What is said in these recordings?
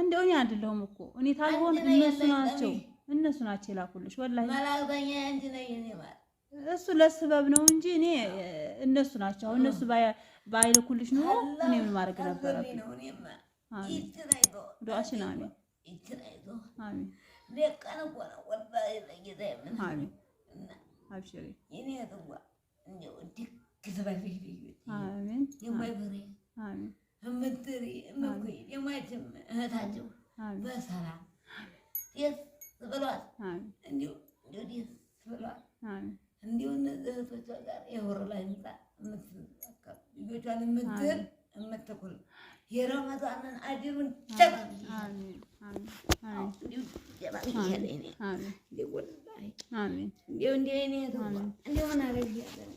እንደው እኔ አይደለሁም እኮ እኔ ታልሆን እነሱ ናቸው እነሱ ናቸው የላኩልሽ። ወላሂ እሱ ለስበብ ነው እንጂ እኔ እነሱ ናቸው። አሁን እነሱ ባይልኩልሽ ኑሮ እኔ ምን ማድረግ ነበረብኝ? ዱዓሽን አንቺም እህታችሁ በሰላም ደስ ብሏት እንዲሁ እንዲሁ ደስ ብሏት እንዲሁ እነዚህ እህቶቿ ጋር የወር ላይ ህንፃ የምትመካከል ልጆቿን የምትል የምትኩል የረመዛንን አጅሩን ጀባ እንዲሁ እንዲሁ እኔ እንዲሁ ምን አረግ ያለ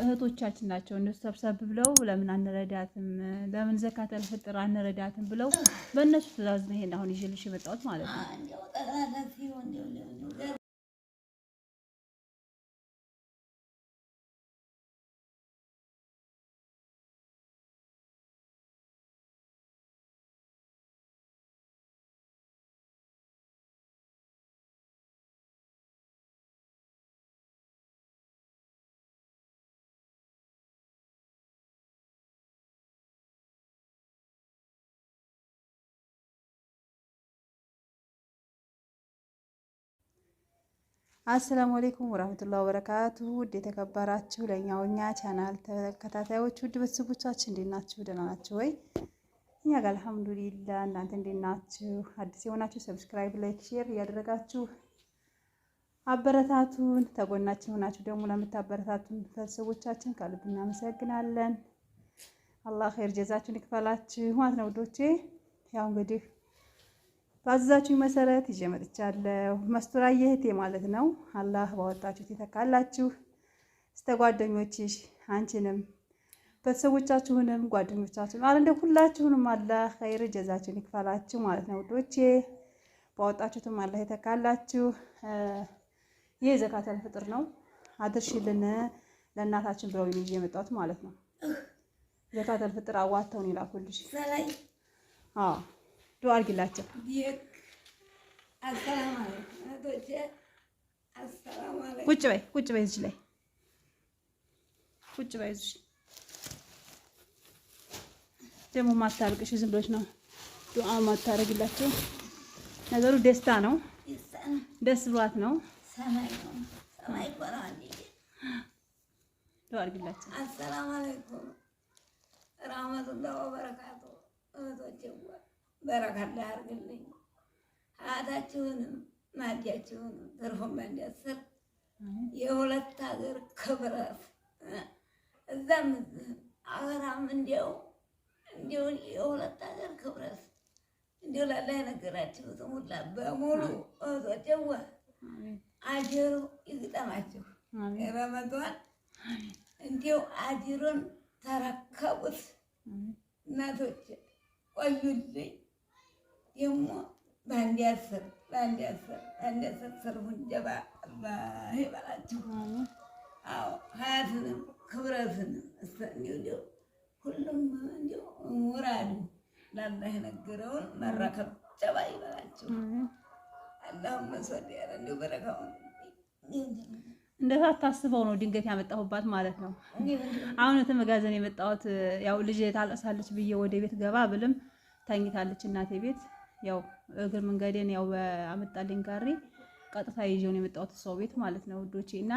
እህቶቻችን ናቸው። እነሱ ሰብሰብ ብለው ለምን አንረዳትም፣ ለምን ዘካተል ፍጥር አንረዳትም ብለው በእነሱ ትእዛዝ ነው ይሄን አሁን ይዤልሽ የመጣሁት ማለት ነው። አሰላሙ አሌይኩም ወራህመቱላሂ ወበረካቱ ውድ የተከበራችሁ ለእኛውኛ ቻናል ተከታታዮች ውድ ቤተሰቦቻችን እንዴት ናችሁ? ደህና ናችሁ ወይ? እኛ ጋር አልሐምዱሊላህ። እናንተ እንዴት ናችሁ? አዲስ የሆናችሁ ሰብስክራይብ፣ ላይክ፣ ሼር እያደረጋችሁ አበረታቱን። ተጎናችን ሆናችሁ ደግሞ ለምታበረታቱን ቤተሰቦቻችን ከልብ እናመሰግናለን። አላህ ኸይር ጀዛችሁን ይክፈላችሁ ማለት ነው ውዶቼ ያው እንግዲህ በአዘዛችሁኝ መሰረት ይዤ መጥቻለሁ። መስተዋት ማለት ነው። አላህ ባወጣችሁት ይተካላችሁ። ስተጓደኞችሽ አንቺንም ቤተሰቦቻችሁንም ጓደኞቻችሁን አለ እንደ ሁላችሁንም አላህ ኸይር ጀዛችሁን ይክፈላችሁ ማለት ነው ውዶቼ። ባወጣችሁትም አላህ ይተካላችሁ። ይህ ዘካተል ፍጥር ነው። አድርሽልን ለእናታችን ብለው ነው የመጣሁት ማለት ነው። ዘካተል ፍጥር አዋተውን ይላኩልሽ። አዎ ዱአ አድርጊላቸው። ቁጭ በይ ቁጭ በይ እዚህ ላይ ቁጭ በይ እዚህ ደግሞ ማታርቅሽ ዝም ነው ዱአ ማታረግላቸው። ነገሩ ደስታ ነው፣ ደስ ብሏት ነው። ዱአ አድርጊላቸው። አሰላሙ አለይኩም ረህመቱላሂ ወበረካቱ በረካላ ያርግልኝ። ሀያታችሁንም ማዲያችሁንም ትርፎም እንዲያስር የሁለት ሀገር ክብረት እዛም አገራም እንዲያው እንዲሁ የሁለት ሀገር ክብረት እንዲሁ ላላ የነገራችሁ ትሙላ በሙሉ እህቶችዋ አጀሮ ይግጠማችሁ። ረመዷን እንዲሁ አጅሮን ተረከቡት። እናቶች ቆዩልኝ። የሞ በአንድ አዎ ሀያትንም ክብረትንም ሁሉም ሙራዱ የነገረውን መረከብ ጀባ ይበላችሁ። አላሁመ ሶሊ አለ እንደዛ ታስበው ነው ድንገት ያመጣሁባት ማለት ነው። አሁን ተመጋዘን የመጣሁት ያው ልጅ ታለቅሳለች ብዬ ወደ ቤት ገባ ብልም ተኝታለች እናቴ ቤት ያው እግር መንገዴን ያው አመጣልኝ ጋሪ ቀጥታ ይዤው ነው የመጣሁት ሰው ቤት ማለት ነው ውዶቼ። እና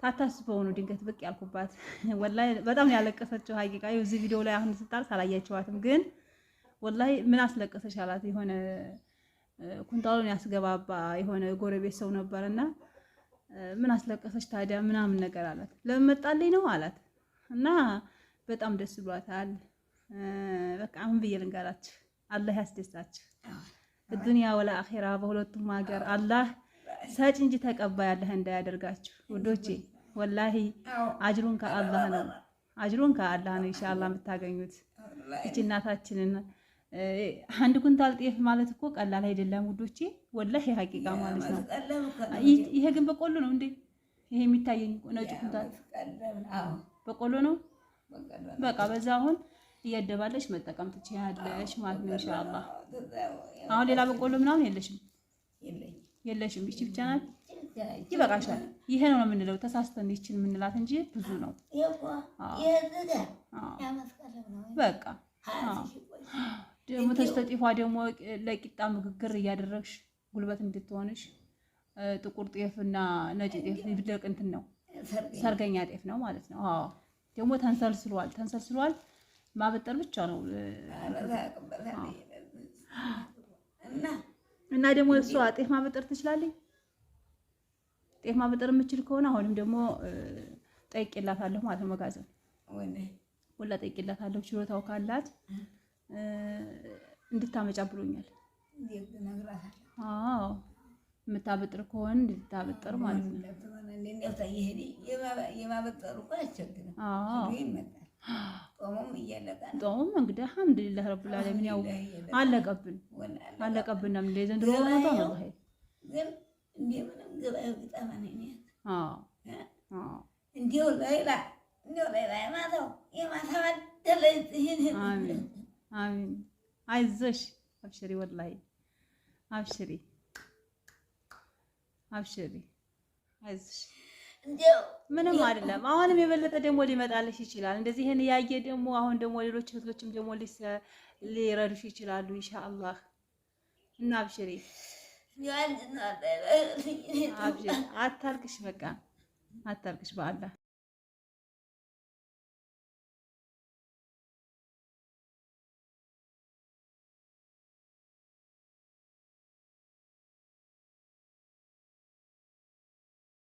ታታስበው ነው ድንገት ብቅ ያልኩባት። ወላሂ በጣም ያለቀሰችው ሀቂቃ እዚህ ቪዲዮ ላይ አሁን ስታልቅ አላያችኋትም፣ ግን ወላሂ ምን አስለቀሰሽ አላት። የሆነ ኩንታሉን ያስገባባ የሆነ ጎረቤት ሰው ነበርና ምን አስለቀሰች ታዲያ ምናምን ነገር አላት። ለመጣልኝ ነው አላት እና በጣም ደስ ብሏታል። በቃ አሁን ብዬ ልንገራችሁ አላህ ያስደስታችሁ። በዱንያ ወላ አኺራ በሁለቱም ሀገር አላህ ሰጭ እንጂ ተቀባይ አላህ እንዳያደርጋችሁ ውዶቼ። ወላሂ አጅሩን ከአላህ ነው፣ አጅሩን ከአላህ ነው ኢንሻአላህ የምታገኙት። እቺ እናታችንን አንድ ኩንታል ጤፍ ማለት እኮ ቀላል አይደለም ውዶቼ፣ ወላሂ ሀቂቃ ማለት ነው። ይሄ ግን በቆሎ ነው እንዴ? ይሄ የሚታየኝ ነጭ ኩንታል በቆሎ ነው። በቃ በዛ አሁን እያደባለሽ መጠቀም ትችያለሽ ማለት ነው። ኢንሻአላህ አሁን ሌላ በቆሎ ምናምን የለሽም የለሽም፣ ይቺ ብቻ ናት። ይበቃሻል። ይሄ ነው የምንለው ተሳስተን ይችን የምንላት እንጂ ብዙ ነው። በቃ ደግሞ ተስተጢፏ ደግሞ ለቂጣ ምግግር እያደረግሽ ጉልበት እንድትሆንሽ ጥቁር ጤፍና ነጭ ጤፍ ይብደቅ እንትን ነው ሰርገኛ ጤፍ ነው ማለት ነው። አዎ ደግሞ ተንሰልስሏል ተንሰልስሏል ማበጠር ብቻ ነው እና ደግሞ እሷ ጤፍ ማበጠር ትችላለች። ጤፍ ማበጠር የምችል ከሆነ አሁንም ደግሞ ጠይቄላታለሁ ማለት ነው። መጋዘን ሁላ ጠይቄላታለሁ። ችሎታው ካላት እንድታመጫ ብሎኛል። የምታበጥር ከሆነ እንድታበጥር ማለት ነው። ጾሙም እንግዲህ አልሐምዱሊላህ ረብል ዓለሚን ያው አለቀብን አለቀብን ነው እንደ ዘንድሮ ነው ነው ይሄ አሚን አይዞሽ አብሽሪ ወላሂ አብሽሪ አብሽሪ አይዞሽ ምንም አይደለም። አሁንም የበለጠ ደግሞ ሊመጣልሽ ይችላል። እንደዚህ ይሄን ያየ ደግሞ አሁን ደግሞ ሌሎች እህቶችም ደግሞ ሊረዱሽ ይችላሉ። ኢንሻአላህ እና አብሽሪ አታልቅሽ፣ በቃ አታልቅሽ በአላህ